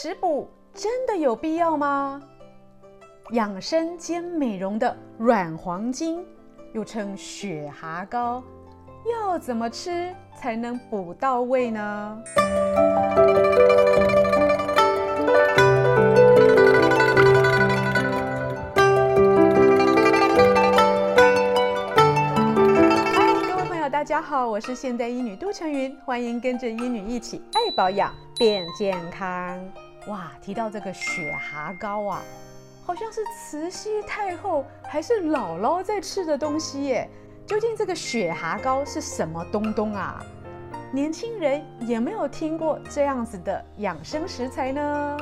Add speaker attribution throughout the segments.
Speaker 1: 食補真的有必要嗎？養生兼美容的軟黃金，又稱雪蛤膏，要怎麼吃才能補到位呢？嗨，各位朋友，大家好，我是現代醫女杜丞蕓，歡迎跟着醫女一起愛保養，變健康。哇，提到這個雪蛤膏啊，好像是慈禧太后還是姥姥在吃的東西耶。究竟這個雪蛤膏是什麼東東啊？年輕人有沒有聽過這樣子的養生食材呢？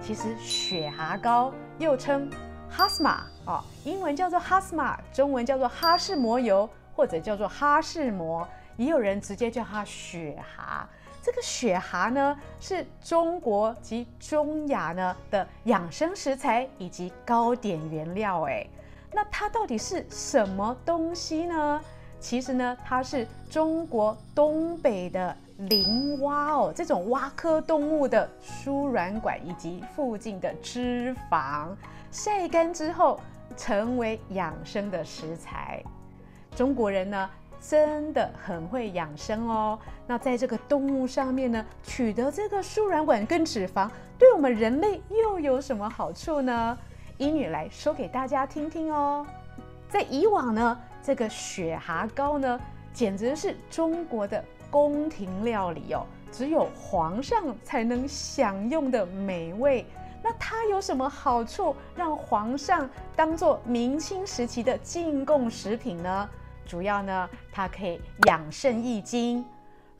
Speaker 1: 其實雪蛤膏又稱哈斯瑪哦，英文叫做哈斯瑪，中文叫做哈士蟆油，或者叫做哈士蟆，也有人直接叫它雪蛤。這個雪蛤呢，是中國及中亞呢的養生食材以及糕點原料。哎，那它到底是什麼東西呢？其實呢，它是中國東北的林蛙哦，這種蛙科動物的輸卵管以及附近的脂肪曬乾之後，成為養生的食材。中國人呢，真的很會養生哦。那在這個動物上面呢，取得這個輸卵管跟脂肪，對我們人類又有什麼好處呢？醫女來說給大家聽聽哦。在以往呢，這個雪蛤膏呢，簡直是中國的宮廷料理哦，只有皇上才能享用的美味。那它有什麼好處，讓皇上當做明清時期的進貢食品呢？主要呢，它可以養腎益精、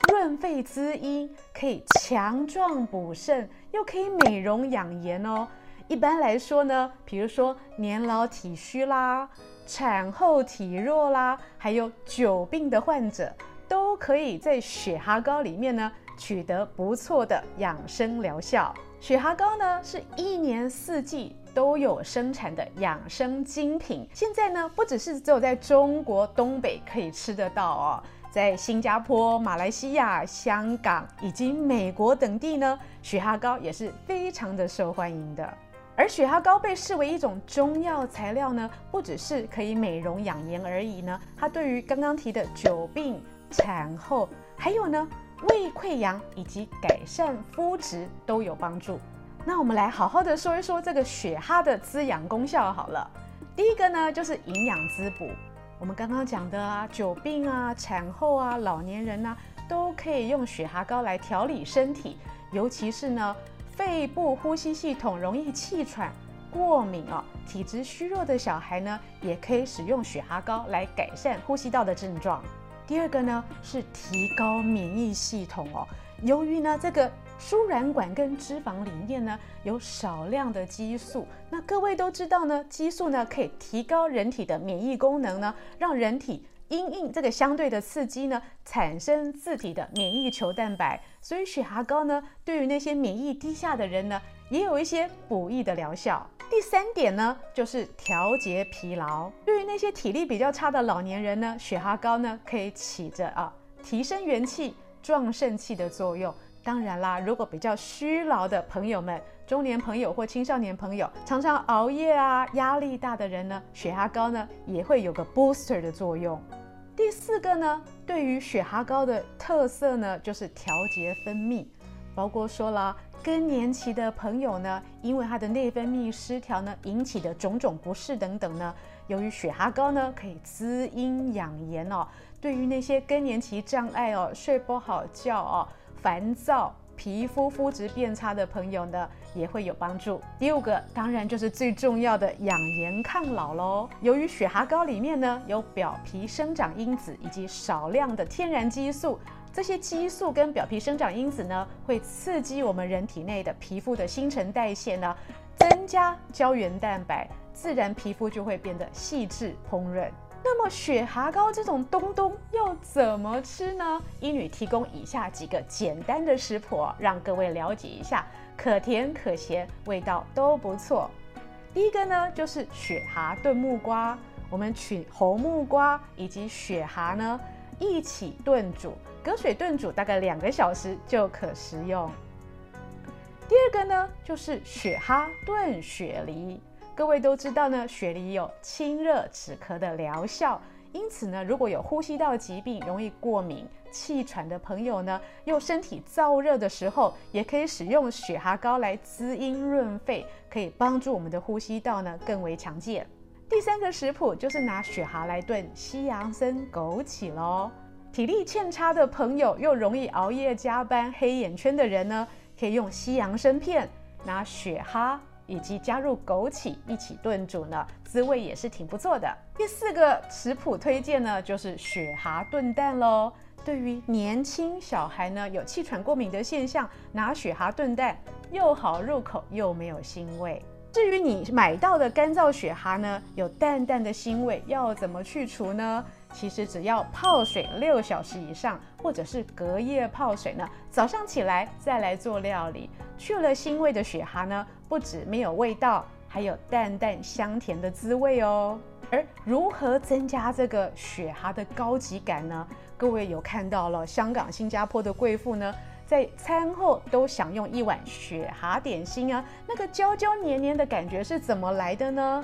Speaker 1: 潤肺滋陰，可以強壯補腎，又可以美容養顏哦。一般來說呢，比如說年老體虛啦、產後體弱啦，還有久病的患者，都可以在雪蛤膏裡面呢取得不錯的養生療效。雪蛤膏呢，是一年四季，都有生產的養生精品。現在呢，不只是只有在中國東北可以吃得到哦，在新加坡、馬來西亞、香港以及美國等地呢，雪蛤膏也是非常的受歡迎的。而雪蛤膏被視為一種中藥材料呢，不只是可以美容養顏而已呢，它對於剛剛提的久病、產後，還有呢，胃潰瘍以及改善膚質都有幫助。那我們來好好的說一說這個雪蛤的滋養功效好了。第一個呢就是營養滋補，我們剛剛講的啊，久病啊、產後啊、老年人呢、啊，都可以用雪蛤膏來調理身體。尤其是呢，肺部呼吸系統容易氣喘、過敏哦，體質虛弱的小孩呢，也可以使用雪蛤膏來改善呼吸道的症狀。第二個呢是提高免疫系統哦，由於呢這個。輸卵管跟脂肪裡面呢有少量的激素，那各位都知道呢，激素呢可以提高人體的免疫功能呢，讓人體因應這個相對的刺激呢產生自體的免疫球蛋白，所以雪蛤膏呢對於那些免疫低下的人呢也有一些補益的療效。第三點呢就是調節疲勞，對於那些體力比較差的老年人呢，雪蛤膏呢可以起着啊提升元氣、壯腎氣的作用。當然啦，如果比較虛勞的朋友們、中年朋友或青少年朋友常常熬夜啊、壓力大的人呢，雪蛤膏呢，也會有個 booster 的作用。第四個呢，對於雪蛤膏的特色呢，就是調節分泌，包括說啦、啊，更年期的朋友呢，因為他的內分泌失調呢引起的種種不適等等呢，由於雪蛤膏呢，可以滋陰養顏哦。對於那些更年期障礙哦，睡不好覺哦，煩躁、皮膚膚質變差的朋友呢，也會有幫助。第五個，當然就是最重要的養顏抗老嘍。由於雪蛤膏裡面呢有表皮生長因子以及少量的天然激素，這些激素跟表皮生長因子呢會刺激我們人體內的皮膚的新陳代謝呢，增加膠原蛋白，自然皮膚就會變得細緻紅潤。那麼雪蛤膏這種東東要怎麼吃呢？醫女提供以下幾個簡單的食譜，讓各位了解一下，可甜可鹹，味道都不錯。第一個呢，就是雪蛤燉木瓜，我們取紅木瓜以及雪蛤呢一起燉煮，隔水燉煮大概兩個小時就可食用。第二個呢，就是雪蛤燉雪梨。各位都知道呢，雪梨有清熱止咳的療效，因此呢，如果有呼吸道疾病、容易過敏、氣喘的朋友呢，又身體燥熱的時候，也可以使用雪蛤膏來滋陰潤肺，可以幫助我們的呼吸道呢更為強健。第三個食譜就是拿雪蛤來燉西洋參、枸杞嘍。體力欠差的朋友，又容易熬夜加班、黑眼圈的人呢，可以用西洋參片拿雪蛤。以及加入枸杞一起燉煮呢，滋味也是挺不錯的。第四個食譜推薦呢，就是雪蛤燉蛋嘍。對於年輕小孩呢，有氣喘過敏的現象，拿雪蛤燉蛋又好入口又沒有腥味。至於你買到的乾燥雪蛤呢，有淡淡的腥味，要怎麼去除呢？其實只要泡水六小時以上，或者是隔夜泡水呢，早上起來再來做料理。去了腥味的雪蛤呢，不止沒有味道，還有淡淡香甜的滋味哦。而如何增加這個雪蛤的高級感呢？各位有看到了香港、新加坡的貴婦呢，在餐後都享用一碗雪蛤點心啊。那個膠膠黏黏的感覺是怎麼來的呢？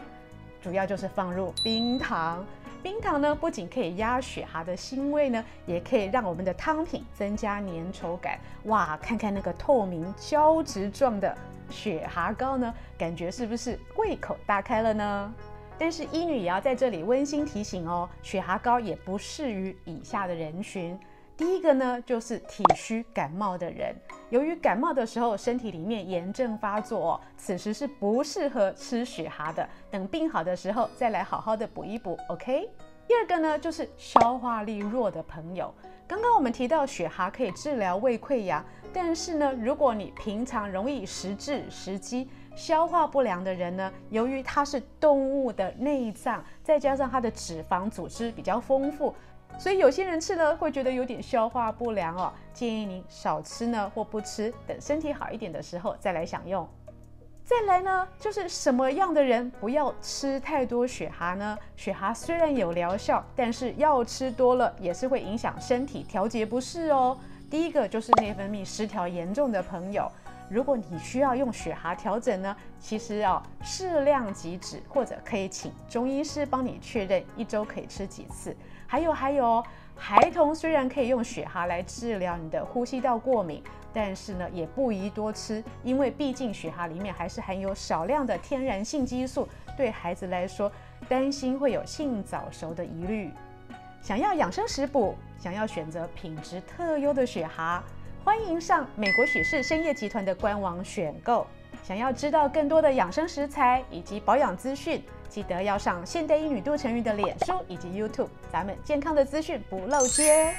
Speaker 1: 主要就是放入冰糖。冰糖呢，不僅可以壓雪蛤的腥味呢，也可以讓我們的湯品增加粘稠感。哇，看看那個透明膠質狀的。雪蛤膏呢，感覺是不是胃口大開了呢？但是醫女也要在這裡溫馨提醒哦，雪蛤膏也不適於以下的人群。第一個呢，就是體虛感冒的人，由於感冒的時候身體裡面炎症發作哦，此時是不適合吃雪蛤的。等病好的時候再來好好的補一補，OK。第二個呢，就是消化力弱的朋友。剛剛我們提到雪蛤可以治療胃潰瘍，但是呢，如果你平常容易食滯食積、消化不良的人呢，由於它是動物的內臟，再加上它的脂肪組織比較豐富，所以有些人吃了會覺得有點消化不良哦。建議您少吃呢，或不吃，等身體好一點的時候再來享用。再來呢，就是什麼樣的人不要吃太多雪蛤呢？雪蛤雖然有療效，但是藥吃多了也是會影響身體調節不適哦。第一個就是內分泌失調嚴重的朋友。如果你需要用雪蛤調整呢，其實要、哦、適量即止，或者可以請中醫師幫你確認一周可以吃幾次。還有還有，孩童雖然可以用雪蛤來治療你的呼吸道過敏，但是呢也不宜多吃，因為畢竟雪蛤裡面還是含有少量的天然性激素，對孩子來說擔心會有性早熟的疑慮。想要養生食補，想要選擇品質特優的雪蛤，歡迎上美國許氏參業集團的官網選購。想要知道更多的養生食材以及保養資訊，記得要上現代醫女杜丞蕓的臉書以及 YouTube。咱們健康的資訊不漏接。